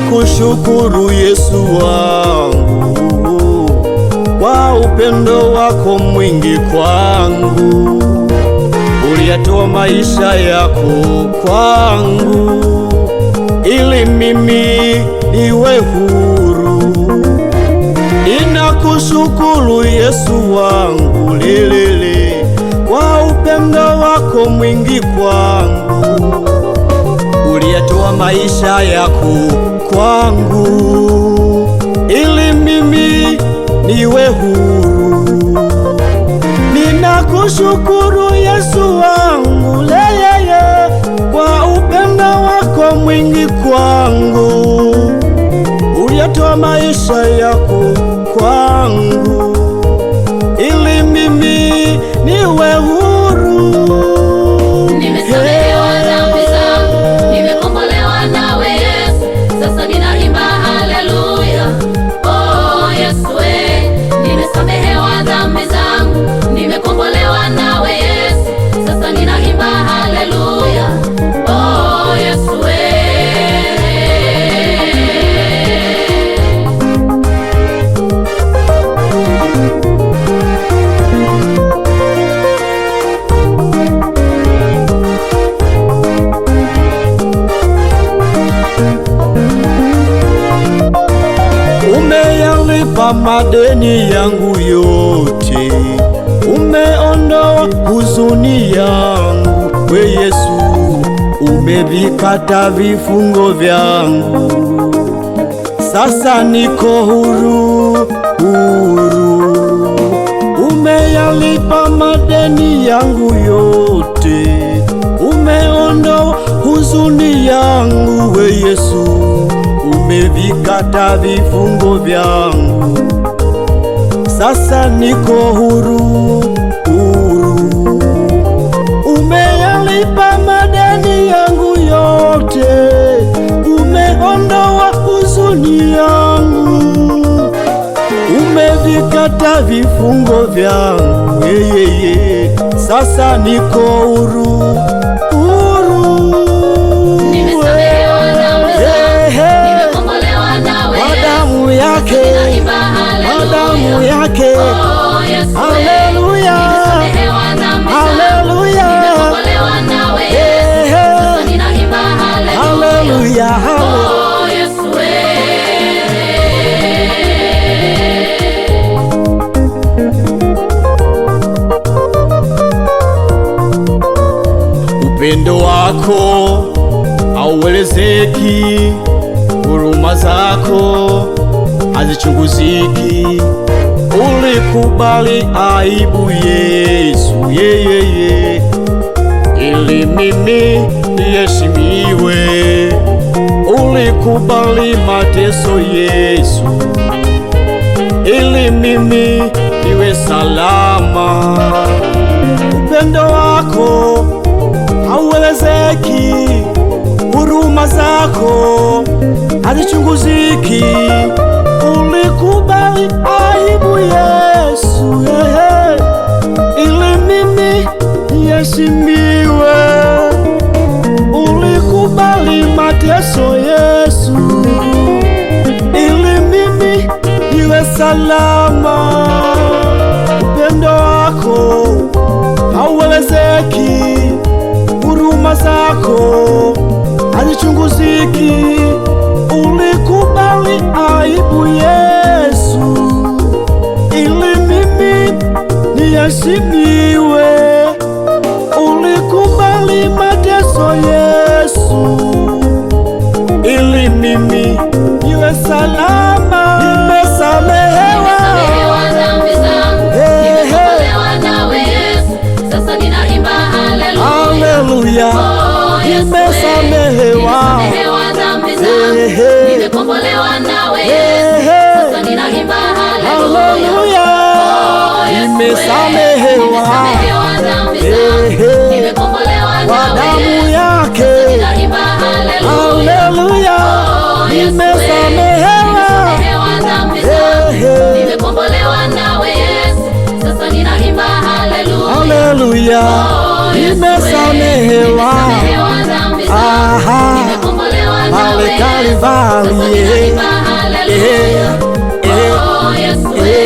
kushukuru Yesu wangu kwa upendo wako mwingi kwangu, uliyatoa maisha yako kwangu ili mimi niwe huru. Ninakushukuru Yesu wangu lilili kwa upendo wako mwingi kwangu wa maisha yako kwangu, ili mimi niwe huru. Ninakushukuru Yesu wangu leyeye, kwa upendo wako mwingi kwangu, uliotoa maisha yako madeni yangu yote, umeondoa huzuni yangu. We Yesu, umevikata vifungo vyangu, sasa niko huru. nilikata vifungo vyangu, sasa niko huru huru. Umeyalipa madeni yangu yote, umeondoa huzuni yangu, umevikata vifungo vyangu, yeyeye, sasa niko huru damu yake. Haleluya, haleluya, haleluya. Upendo wako hauelezeki, huruma zako azichunguziki Ulikubali aibu Yesu, yeyeye, ili mimi niheshimiwe. Ulikubali mateso Yesu, ili mimi niwe salama. Upendo wako hauelezeki, huruma zako hazichunguziki. uheshimiwe. Ulikubali mateso Yesu, ili mimi niwe salama. Upendo wako hauelezeki, huruma zako hazichunguziki. Ulikubali aibu Yesu, ili mimi niheshimiwe ni mateso Yesu, ili mimi niwe salama. Nimesamehewa dhambi zangu, nimekombolewa nawe Yesu. Sasa ninaimba haleluya, oh, eh. nimesamehewa dhambi zangu, nimekombolewa nawe Yesu. Sasa ninaimba haleluya, oh, eh. nimesamehewa dhambi zangu kwa damu yake. Haleluya, oh, nimesamehewa, nimekombolewa nawe Yesu. Sasa ninaimba haleluya, oh, nimesamehewa,